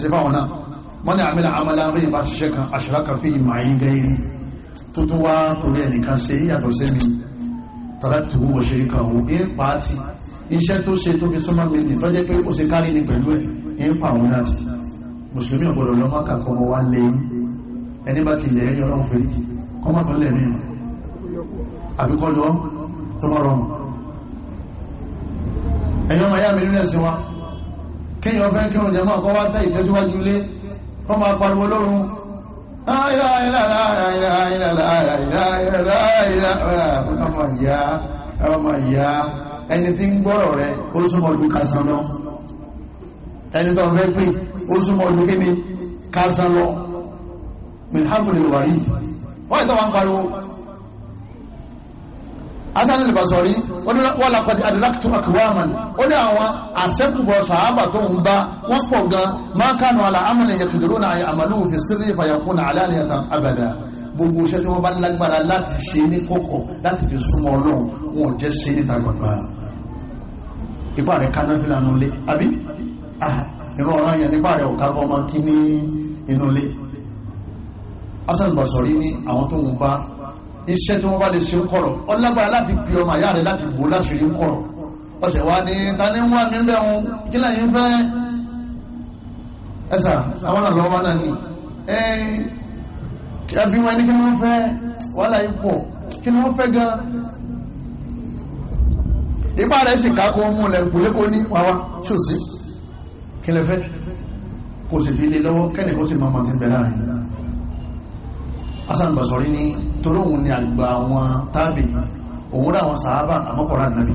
ṣe fáwọn náà wọ́n ní àmìlà àmàlà àwọn ìbá ṣiṣẹ́ kan aṣọ́láka fi ìmọ̀ àyín gẹ́rí tó tó wá torí ẹnìkan ṣe yàtọ̀ sí mi tọ́lá tó wọ́n ṣe kan ò ní pàátì iṣẹ́ tó ṣe tó fi súnmọ́ mi ní tọ́jẹ́ pé ó ṣe kárí ni pẹ̀lú ẹ̀ ní sí wa kéèyàn fẹ́ kírun jẹ́ máa kọ́ wá tẹ́ ìtẹ́síwájú lé kọ́ máa pariwo lórun ọmọ ìyá ọmọ ìyá ẹni tí ń gbọ́rọ̀ rẹ ó súnmọ́ ọdún kásán lọ ẹni tó fẹ́ pè ó súnmọ́ ọdún kíni kásán lọ mìíràn hàbùrẹ̀ wà yìí wọ́n ìtọ́wà ń pariwo hasan al-basori ó ní wàlá kọ́dí adilaktu akwaman ó ní àwọn àṣẹ́kùbọ̀ sàábà tó ń bá wọ́n pọ̀ gan máa kánú ala amúnà yẹkìdúró na àyè àmàlú fi sírí ìfàyàkún na aláàlẹ́yàtà abada gbogbo iṣẹ́ tí wọ́n bá lágbára láti ṣe ní kọ̀kọ̀ láti fi súnmọ́ ọlọ́run wọn ò jẹ́ ṣe níta gbàgbà ipá rẹ̀ kaná fi lànà lé àbí ìran ọ̀ràn yẹn nípa rẹ̀ ọ̀ká bọ́ máa kí ní inú lé hasan al-basori ní àwọn tó ń iṣẹ́ tí wọ́n bá lè ṣe ń kọ̀rọ̀ ọlágbára láti bí ọmọ àyá rẹ̀ láti bò láṣìírí ń kọ̀rọ̀ ọ̀sẹ̀ wa ni ta ni ń wá mi bẹ́ẹ̀ hun kí lẹ́yìn fẹ́ ẹ̀sà àwọn àlọ́ wa náà ni kí a bí wọn ní kí wọ́n fẹ́ wàhálà yìí pọ̀ kí wọ́n fẹ́ gan ipá rẹ̀ sì kákó mú lẹ̀ gbòlé kó ní wàwá ṣòsí kí lẹ fẹ́ kò sì fi lè lọ́wọ́ kẹ́nìkan sì máa máa ti bẹ̀ láàrin hasan basori ní tolóhun ni àgbà àwọn tábì òun rà àwọn sàábà àmọ́kọ̀rá nàbì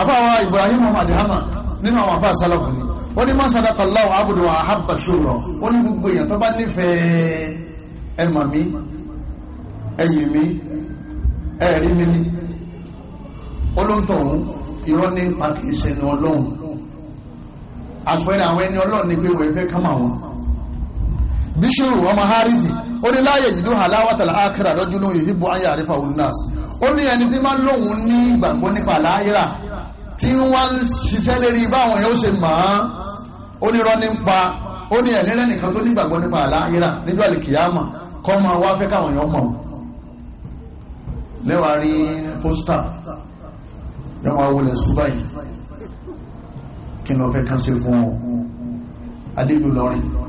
afáwa ibrahim muhammad hama nínú àwọn afá sálàfù ni ó ní má sadaka Allahu abudu ahabba shura ó ní gbogbo èèyàn tó bá nífẹ̀ẹ́ ẹ̀mà mi ẹ̀yìn mi ẹ̀rí mi ni olóńtọ̀ òun irọ́ ní pàkì ìṣẹ̀nu ọlọ́run àpẹẹrẹ àwọn ẹni ọlọ́run ní fẹ́ kámà wọn bíṣirù ọmọ harithi ó ní láàyè yìí dún aláwàtà àkìrà lọ́jọ́ lóhùn yìí bọ́ ayé àrífà onnas ó ní ẹni tí máa ń lóhùn ní ìgbàgbọ́ nípa aláyíra tí wọ́n ń ṣiṣẹ́ lérí báwọn yóò ṣe mọ̀ án ó ní rọ́ nípa ó ní ẹ̀lẹ́rẹ́ nìkan tó nígbàgbọ́ nípa aláyíra níjọ́ àlìkìyàmà kọ́ máa wá fẹ́ káwọn èèyàn mọ̀ lẹ́wàá rí pósítà yọ́n